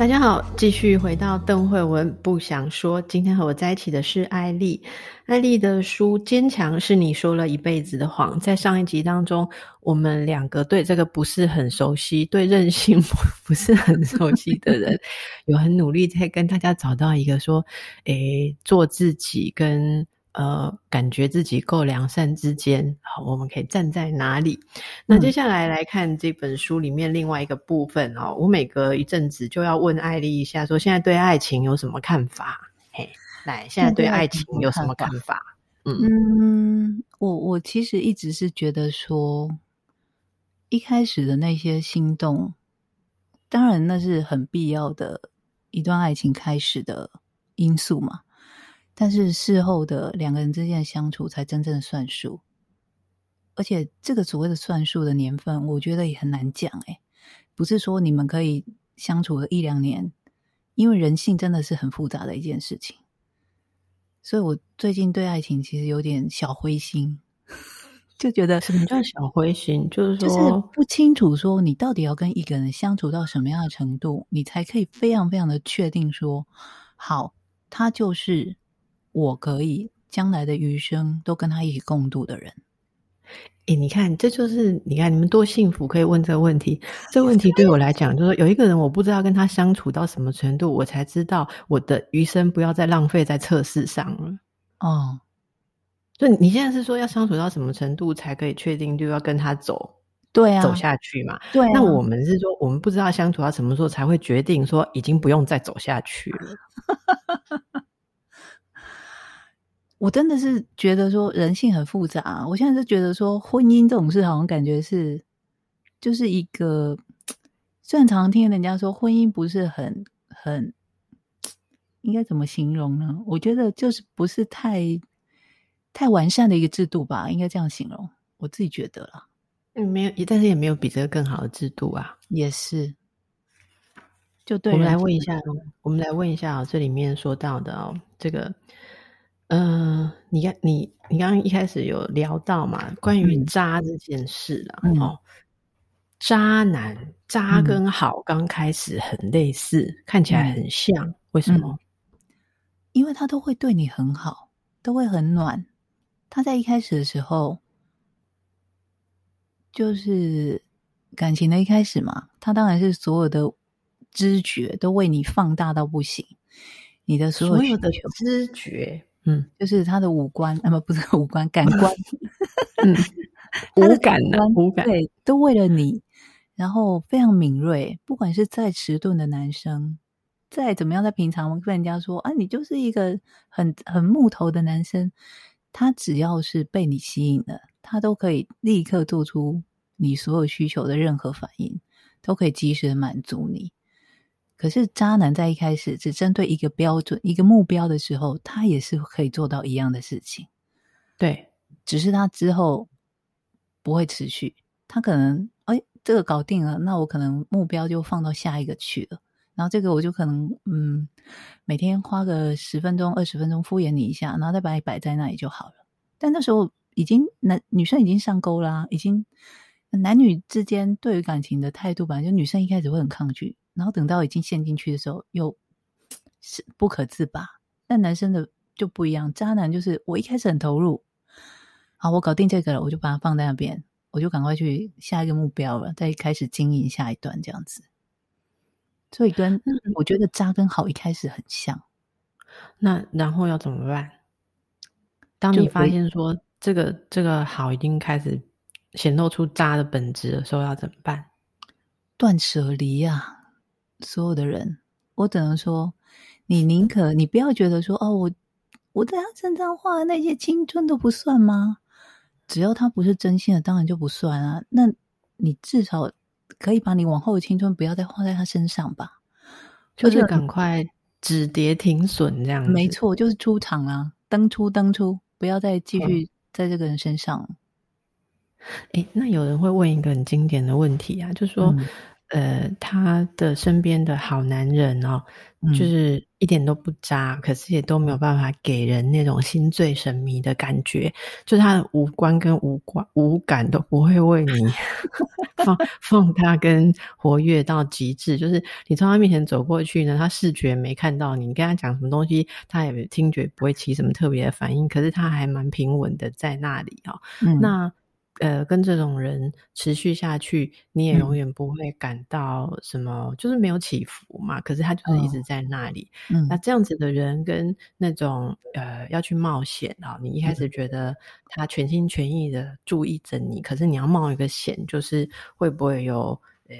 大家好，繼續回到鄧惠文，不想說。今天和我在一起的是艾莉，艾莉的書《堅強》是你說了一輩子的謊。在上一集當中，我們兩個對這個不是很熟悉，對任性不是很熟悉的人， 有很努力在跟大家找到一個說，誒、欸，做自己跟。呃，感覺自己夠良善之間，好，我們可以站在哪裡？那接下來來看這本書裡面另外一個部分哦、喔。我每隔一陣子就要問艾莉一下，說現在對愛情有什麼看法？嘿，來，現在對愛情有什麼看法？嗯，嗯我我其實一直是覺得說，一開始的那些心動，當然那是很必要的，一段愛情開始的因素嘛。但是事後的兩個人之間的相處才真正的算數，而且這個所謂的算數的年份，我覺得也很難講。誒，不是說你們可以相處了一兩年，因為人性真的是很複雜的一件事情。所以我最近對愛情其實有點小灰心， 就覺得什麼叫小灰心，就是說就是不清楚說你到底要跟一個人相處到什麼樣的程度，你才可以非常非常的確定說，好，他就是。我可以將來的餘生都跟他一起共度的人，欸、你看，這就是你看你們多幸福，可以問這個問題。這個問題對我來講，就是說有一個人，我不知道跟他相處到什麼程度，我才知道我的餘生不要再浪費在測試上了。哦，就你現在是說要相處到什麼程度才可以確定就要跟他走？對啊，走下去嘛。對啊，那我們是說，我們不知道相處到什麼時候才會決定說已經不用再走下去了。 我真的是覺得說人性很複雜，我現在是覺得說婚姻這種事好像感覺是就是一個，雖然常聽人家說婚姻不是很很，應該怎麼形容呢？我覺得就是不是太太完善的一個制度吧，應該這樣形容。我自己覺得啦、嗯，沒有，但是也沒有比這個更好的制度啊，也是。就對我們來問一下、哦，我們來問一下、哦、這裡面說到的哦，這個。呃，你看你你剛剛一開始有聊到嘛，關於渣這件事了、啊嗯、哦。渣男渣跟好剛開始很類似，嗯、看起來很像，嗯、為什麼？因為他都會對你很好，都會很暖。他在一開始的時候，就是感情的一開始嘛，他當然是所有的知覺都為你放大到不行，你的所有，所有的有知覺。嗯，就是他的五官，那麼、嗯啊，不是五官，感官，嗯，他的感官，無感啊、無感，對，都為了你，然後非常敏銳。不管是再遲鈍的男生，再怎麼樣，在平常，跟人家說啊，你就是一個很很木頭的男生，他只要是被你吸引了，他都可以立刻做出你所有需求的任何反應，都可以及時的滿足你。可是渣男在一開始只針對一個標準、一個目標的時候，他也是可以做到一樣的事情。對，只是他之後不會持續。他可能哎，這個搞定了，那我可能目標就放到下一個去了。然後這個我就可能嗯，每天花個十分鐘、二十分鐘敷衍你一下，然後再把你擺在那裡就好了。但那時候已經男女生已經上鈎啦，啊，已經男女之間對於感情的態度吧，本來就女生一開始會很抗拒。然後等到已經陷進去的時候，又是不可自拔。那男生的就不一樣，渣男，就是我一開始很投入，好，我搞定這個了，我就把它放在那邊，我就趕快去下一個目標了，再開始經營下一段這樣子。所以，跟我覺得渣跟好一開始很像。那然後要怎麼辦？當你發現說，這個我這個好已經開始顯露出渣的本質的時候，要怎麼辦？斷捨離啊！所有的人，我只能說，你寧可你不要覺得說哦，我我在他身上花的那些青春都不算嗎？只要他不是真心的，當然就不算啊。那你至少可以把你往後的青春不要再花在他身上吧，就是趕快止跌停損這樣子。沒錯，就是出場啊，登出登出，不要再繼續在這個人身上。哎、嗯，那有人會問一個很經典的問題啊，就是說。嗯呃，他的身邊的好男人哦、喔，嗯、就是一點都不渣，可是也都沒有辦法給人那種心醉神迷的感覺。就是他的五官跟五官五感都不會為你放 放大跟活躍到極致。就是你從他面前走過去呢，他視覺沒看到你，你跟他講什麼東西，他也聽覺不會起什麼特別的反應。可是他還蠻平穩的在那裡哦、喔。嗯、那。呃，跟這種人持續下去，你也永遠不會感到什麼，嗯、就是沒有起伏嘛。可是他就是一直在那裡。哦嗯、那這樣子的人跟那種呃要去冒險啊，你一開始覺得他全心全意的注意着你，嗯、可是你要冒一個險，就是會不會有呃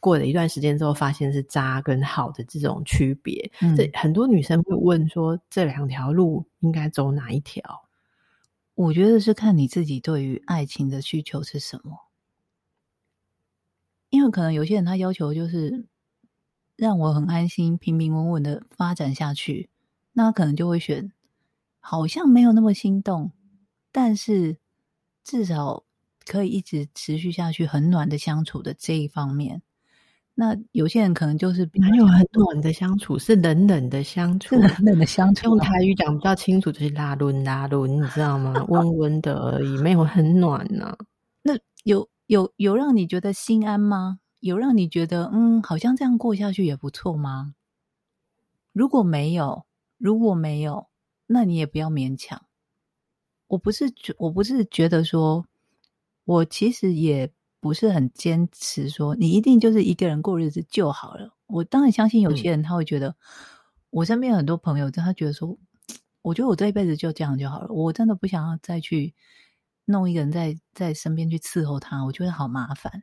過了一段時間之後發現是渣跟好的這種區別？這、嗯、很多女生會問說，這兩條路應該走哪一條？我覺得是看你自己對於愛情的需求是什麼，因為可能有些人他要求就是讓我很安心、平平穩穩的發展下去，那他可能就會選好像沒有那麼心動，但是至少可以一直持續下去、很暖的相處的這一方面。那有些人可能就是沒有很暖的相處，是冷冷的相處，冷冷的相處、啊。 用台語講比較清楚，就是拉倫拉倫，你知道嗎？溫溫的而已， 沒有很暖呢、啊。那有有有讓你覺得心安嗎？有讓你覺得嗯，好像這樣過下去也不錯嗎？如果沒有，如果沒有，那你也不要勉強。我不是我不是覺得說，我其實也。不是很堅持說，你一定就是一個人過日子就好了。我當然相信有些人他會覺得，嗯、我身邊很多朋友，他覺得說，我覺得我這一輩子就這樣就好了，我真的不想要再去弄一個人在在身邊去伺候他，我覺得好麻煩。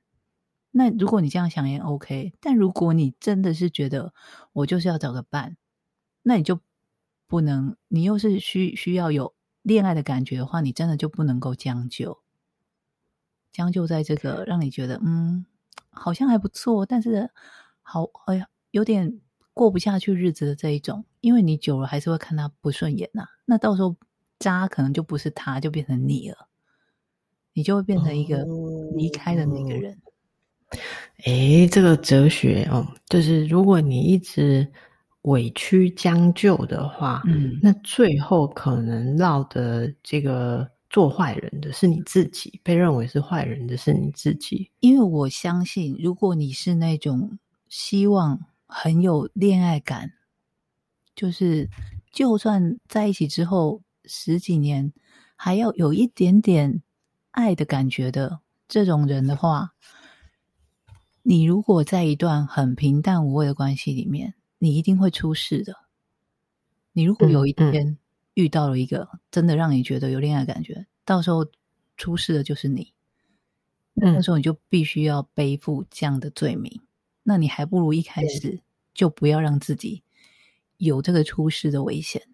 那如果你這樣想也 OK，但如果你真的是覺得我就是要找個伴，那你就不能，你又是需需要有戀愛的感覺的話，你真的就不能夠將就。將就在這個讓你覺得嗯，好像還不錯，但是好哎呀，有點過不下去日子的這一種，因為你久了還是會看他不順眼吶、啊。那到時候渣可能就不是他，就變成你了，你就會變成一個離開的那個人。哦、誒這個哲學哦，就是如果你一直委屈將就的話，嗯，那最後可能繞的這個。做壞人的是你自己，被認為是壞人的是你自己。因為我相信，如果你是那種希望很有戀愛感，就是就算在一起之後十幾年，還要有一點點愛的感覺的這種人的話，你如果在一段很平淡無味的關係裡面，你一定會出事的。你如果有一天，嗯嗯遇到了一個真的讓你覺得有戀愛的感覺，到時候出事的就是你。嗯、那時候你就必須要背負這樣的罪名。那你還不如一開始就不要讓自己有這個出事的危險。對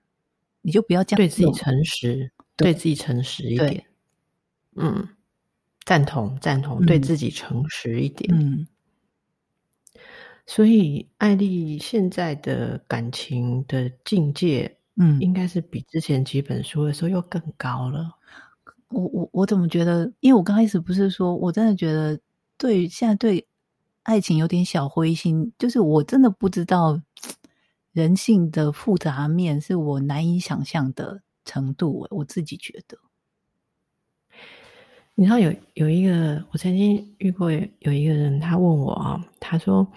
你就不要這樣，對自己誠實，對，對自己誠實一點。對對嗯，贊同，贊同，嗯、對自己誠實一點。嗯。所以，艾莉現在的感情的境界？嗯，應該是比之前幾本書的時候又更高了。嗯，我我我怎麼覺得？因為我剛開始不是說，我真的覺得對現在對愛情有點小灰心，就是我真的不知道人性的複雜面是我難以想象的程度。我，我自己覺得，你知道有有一個我曾經遇過有，有一個人，他問我啊，他說。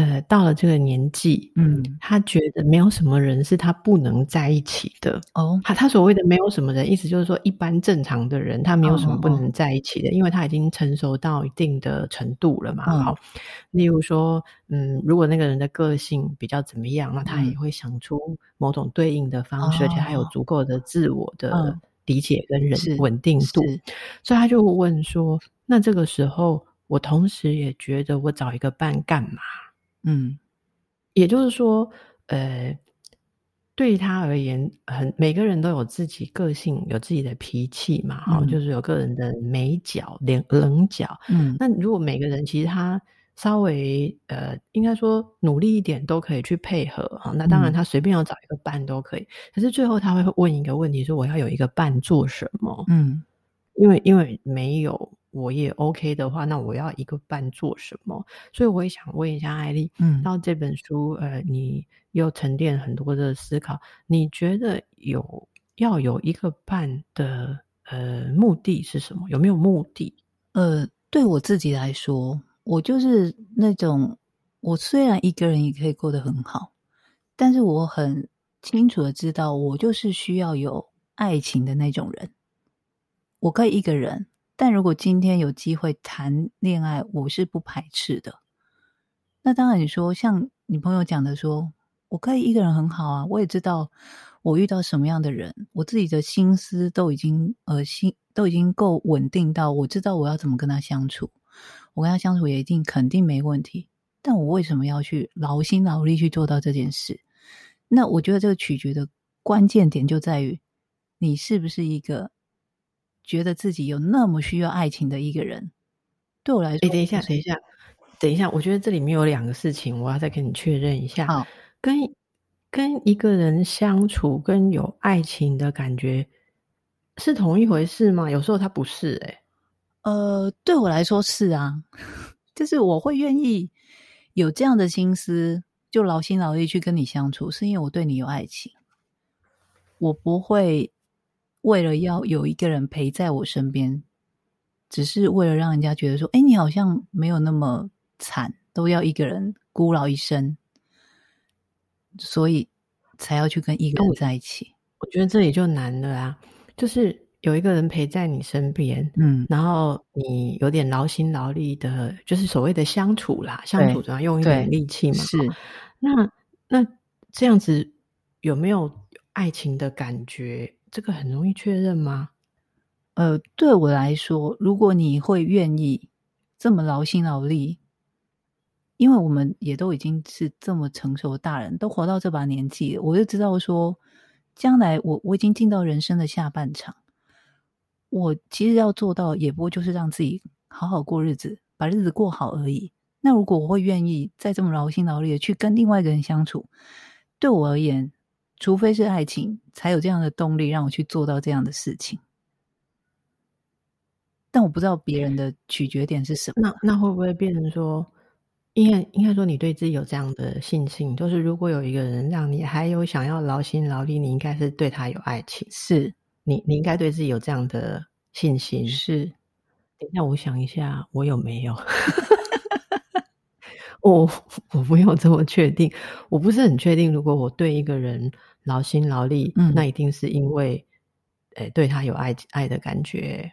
呃，到了這個年紀，嗯，他覺得沒有什麼人是他不能在一起的。哦他，他所謂的沒有什麼人，意思就是說一般正常的人，他沒有什麼不能在一起的，哦哦因為他已經成熟到一定的程度了嘛。嗯、好，例如說，嗯，如果那個人的個性比較怎麼樣，那他也會想出某種對應的方式，嗯、而且他有足夠的自我的理解跟人穩定度，嗯、所以他就問說：“那這個時候，我同時也覺得我找一個伴幹嘛？”嗯，也就是說，呃，對他而言，很每個人都有自己個性，有自己的脾氣嘛，哈、嗯哦，就是有個人的眉角、稜稜角，嗯。那如果每個人其實他稍微呃，應該說努力一點都可以去配合哈、哦，那當然他隨便要找一個伴都可以。嗯、可是最後他會問一個問題：說我要有一個伴做什麼？嗯，因為因為沒有。我也 OK 的話，那我要一個伴做什麼？所以我也想問一下艾莉，嗯，到這本書呃，你又沉澱很多的思考，你覺得有要有一個伴的呃目的是什麼？有沒有目的？呃，對我自己來說，我就是那種我雖然一個人也可以過得很好，但是我很清楚的知道，我就是需要有愛情的那種人。我可以一個人。但如果今天有機會談戀愛，我是不排斥的。那當然，你說像你朋友講的說，說我可以一個人很好啊。我也知道我遇到什麼樣的人，我自己的心思都已經呃心都已經夠穩定到，我知道我要怎麼跟他相處，我跟他相處也一定肯定沒問題。但我為什麼要去勞心勞力去做到這件事？那我覺得這個取決的關鍵點就在於你是不是一個。覺得自己有那麼需要愛情的一個人，對我來說，欸，等一下，等一下，等一下，我覺得這裡面有兩個事情，我要再跟你確認一下。跟跟一個人相處，跟有愛情的感覺是同一回事嗎？有時候他不是，欸，誒呃，對我來說是啊，就是我會願意有這樣的心思，就勞心勞力去跟你相處，是因為我對你有愛情，我不會。為了要有一個人陪在我身邊，只是為了讓人家覺得說：“哎，你好像沒有那麼慘，都要一個人孤老一生。”所以才要去跟一個人在一起。我，我覺得這裡就難了啊！就是有一個人陪在你身邊，嗯，然後你有點勞心勞力的，就是所謂的相處啦，對相處都要對用一點力氣嘛。是，那那這樣子有沒有愛情的感覺？這個很容易確認嗎？呃，對我來說，如果你會願意這麼勞心勞力，因為我們也都已經是這麼成熟的大人，都活到這把年紀了，我就知道說，將來我我已經進到人生的下半場，我其實要做到，也不過就是讓自己好好過日子，把日子過好而已。那如果我會願意再這麼勞心勞力的去跟另外一個人相處，對我而言。除非是愛情，才有這樣的動力讓我去做到這樣的事情，但我不知道別人的取決點是什麼？那那會不會變成說，應該應該說你對自己有這樣的信心，就是如果有一個人讓你還有想要勞心勞力，你應該是對他有愛情。是，你你應該對自己有這樣的信心。是，等一下我想一下，我有沒有？ 我、哦、我沒有這麼確定，我不是很確定。如果我對一個人勞心勞力，嗯、那一定是因為，欸、對他有愛愛的感覺，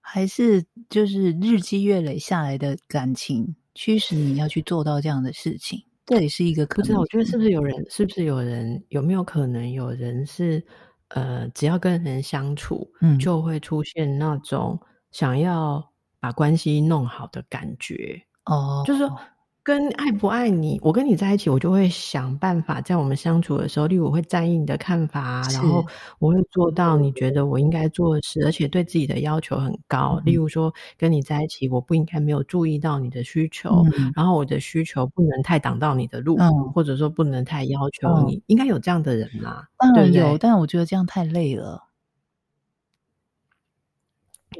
還是就是日積月累下來的感情驅使你要去做到這樣的事情？嗯、這也是一個可能，不知道，我覺得是不是有人，是不是有人，有沒有可能有人是，呃，只要跟人相處，嗯、就會出現那種想要把關係弄好的感覺？哦，就是說。跟愛不愛你，我跟你在一起，我就會想辦法在我們相處的時候，例如我會在意你的看法，是然後我會做到你覺得我應該做的事，而且對自己的要求很高。嗯、例如說跟你在一起，我不應該沒有注意到你的需求，嗯、然後我的需求不能太擋到你的路，嗯、或者說不能太要求你。嗯、應該有這樣的人嗎？嗯、對，對、嗯、有，但我覺得這樣太累了。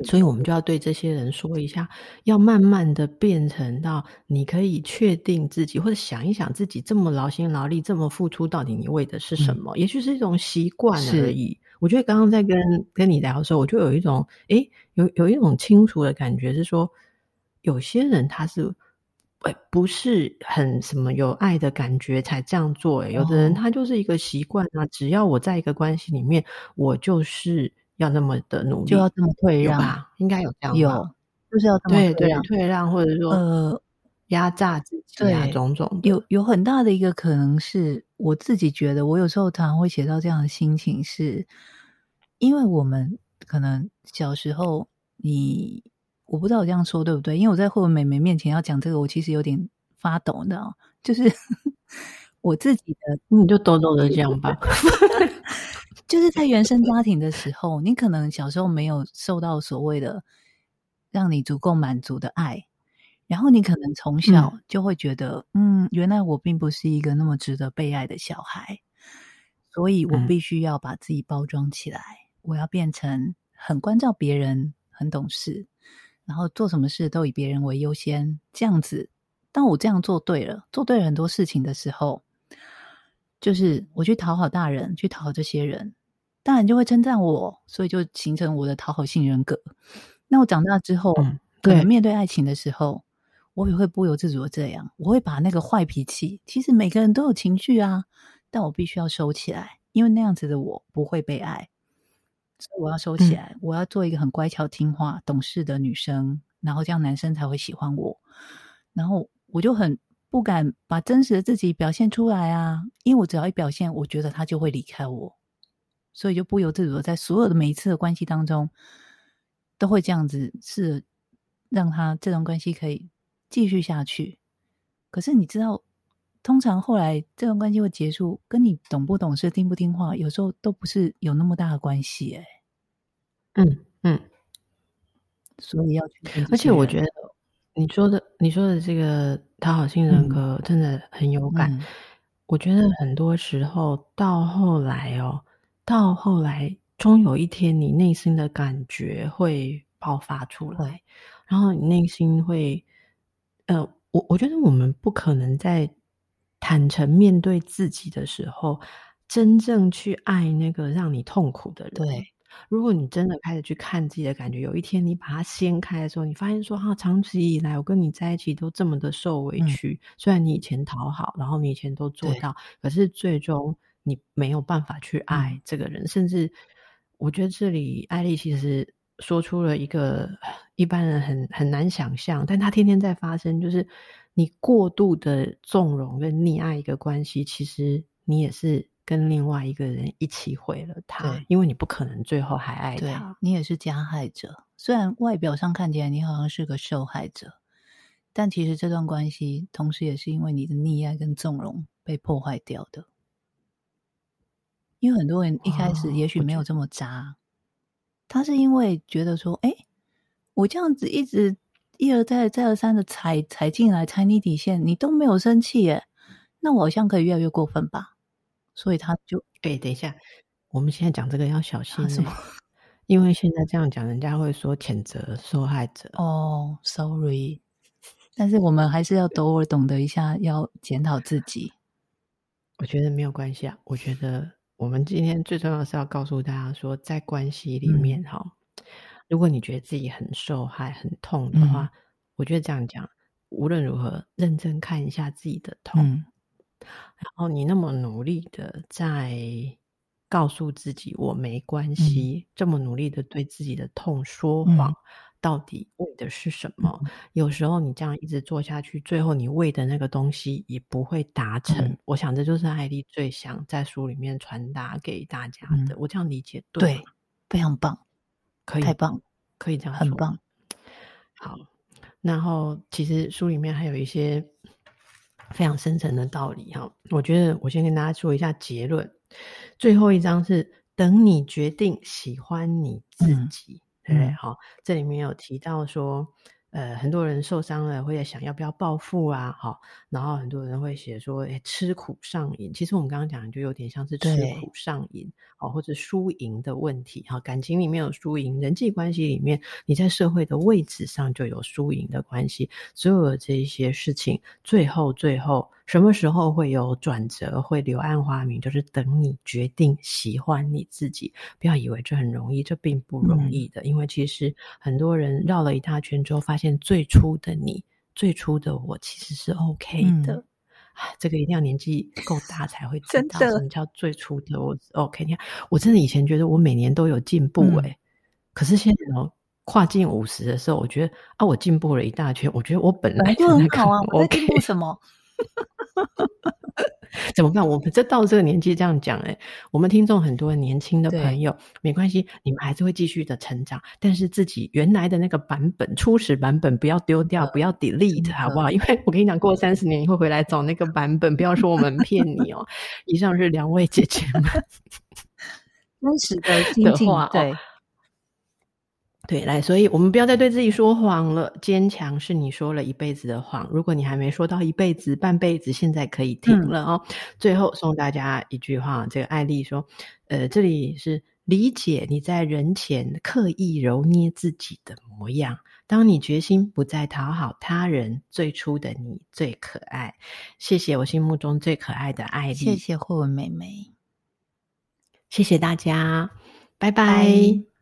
所以，我們就要對這些人說一下，要慢慢的變成到，你可以確定自己，或者想一想自己這麼勞心勞力，這麼付出，到底你為的是什麼？嗯、也許是一種習慣而已。是我覺得剛剛在跟跟你聊的時候，我就有一種，哎、欸，有有一種清楚的感覺，是說有些人他是，哎、欸，不是很什麼有愛的感覺才這樣做、欸。有的人他就是一個習慣啊，哦、只要我在一個關係裡面，我就是。要那麼的努力，就要這麼退讓，應該有這樣，有就是要這麼退讓，退讓、啊、或者說呃壓榨自己，對種種對有有很大的一個可能是我自己覺得，我有時候常常會寫到這樣的心情是，是因為我們可能小時候你，你我不知道我這樣說對不對，因為我在惠文妹妹面前要講這個，我其實有點發抖的，就是 我自己的，你就抖抖的這樣吧。 就是在原生家庭的時候，你可能小時候沒有受到所謂的讓你足夠滿足的愛，然後你可能從小就會覺得，嗯，嗯，原來我並不是一個那麼值得被愛的小孩，所以我必須要把自己包裝起來，嗯，我要變成很關照別人、很懂事，然後做什麼事都以別人為優先。這樣子，當我這樣做對了、做對很多事情的時候，就是我去討好大人，去討好這些人。當然就會稱讚我，所以就形成我的討好性人格。那我長大之後，嗯、對，可能面對愛情的時候，我也會不由自主的這樣。我會把那個壞脾氣，其實每個人都有情緒啊，但我必須要收起來，因為那樣子的我不會被愛，所以我要收起來，嗯、我要做一個很乖巧、聽話、懂事的女生，然後這樣男生才會喜歡我。然後我就很不敢把真實的自己表現出來啊，因為我只要一表現，我覺得他就會離開我。所以就不由自主的，在所有的每一次的關係當中，都會這樣子，是讓他這段關係可以繼續下去。可是你知道，通常後來這段關係會結束，跟你懂不懂事、聽不聽話，有時候都不是有那麼大的關係、欸。哎、嗯，嗯嗯，所以要去，而且我覺得你說的，你說的這個討好型人格真的很有感。嗯嗯、我覺得很多時候到後來哦、喔。到後來，終有一天，你內心的感覺會爆發出來，對然後你內心會，呃，我我覺得我們不可能在坦誠面對自己的時候，真正去愛那個讓你痛苦的人。對，如果你真的開始去看自己的感覺，有一天你把它掀開的時候，你發現說，哈、啊，長期以來我跟你在一起都這麼的受委屈，嗯、雖然你以前討好，然後你以前都做到，對可是最終。你沒有辦法去愛這個人，嗯、甚至我覺得這裡艾莉其實說出了一個一般人很很難想象，但她天天在發生，就是你過度的縱容跟溺愛一個關係，其實你也是跟另外一個人一起毀了他，對因為你不可能最後還愛他。對，你也是加害者。雖然外表上看起來你好像是個受害者，但其實這段關係同時也是因為你的溺愛跟縱容被破壞掉的。因為很多人一開始也許沒有這麼渣，哦、他是因為覺得說：“哎，我這樣子一直一而再、再而三的踩踩進來踩你底線，你都沒有生氣耶，那我好像可以越來越過分吧？”所以他就對、欸，等一下，我們現在講這個要小心什麼？啊、 因為現在這樣講，人家會說譴責受害者哦，sorry，但是我們還是要偶爾懂得一下 要檢討自己。我覺得沒有關係啊，我覺得。我們今天最重要的是要告訴大家說，在關係裡面哈、嗯，如果你覺得自己很受害、很痛的話，嗯、我覺得這樣講，無論如何認真看一下自己的痛，嗯、然後你那麼努力的在。告訴自己我沒關係，嗯、這麼努力的對自己的痛說謊，嗯、到底為的是什麼？嗯、有時候你這樣一直做下去，最後你為的那個東西也不會達成。嗯、我想這就是艾莉最想在書裡面傳達給大家的。嗯、我這樣理解對，對？非常棒，可以太棒，可以這樣說。很棒。好，然後其實書裡面還有一些非常深層的道理哈、哦。我覺得我先跟大家說一下結論。最後一章是等你決定喜歡你自己，嗯、好，這裡面有提到說、呃，很多人受傷了，會想要不要報復啊？然後很多人會寫說，吃苦上癮。其實我們剛剛講的，就有點像是吃苦上癮，對哦、或者輸贏的問題，感情裡面有輸贏，人際關係裡面，你在社會的位置上就有輸贏的關係。所有這些事情，最後最後。什麼時候會有轉折？會柳暗花明？就是等你決定喜歡你自己。不要以為這很容易，這並不容易的。嗯、因為其實很多人繞了一大圈之後，發現最初的你，最初的我其實是 OK 的。嗯、這個一定要年紀夠大才會知道真的什麼叫最初的我是 OK。你看，我真的以前覺得我每年都有進步哎、欸，嗯、可是現在跨進五十的時候，我覺得啊，我進步了一大圈。我覺得我本來就、okay 欸、很好啊，我在進步什麼？ 哈哈， 怎麼辦？我們這到這個年紀這樣講，哎，我們聽眾很多年輕的朋友，對沒關係，你們還是會繼續的成長，但是自己原來的那個版本，初始版本不要丟掉，不要 delete 的好不好？因為我跟你講，過三十年你會回來找那個版本， 不要說我們騙你哦，喔。以上是兩位姐姐們 真實的心境，僅僅的話喔，對。對，來，所以我們不要再對自己說謊了。堅強是你說了一輩子的謊，如果你還沒說到一輩子、半輩子，現在可以停了哦。嗯、最後送大家一句話：這個艾莉說，呃，這裡是理解你在人前刻意揉捏自己的模樣。當你決心不再討好他人，最初的你最可愛。謝謝我心目中最可愛的艾莉，謝謝惠文妹妹，謝謝大家，拜拜。拜拜。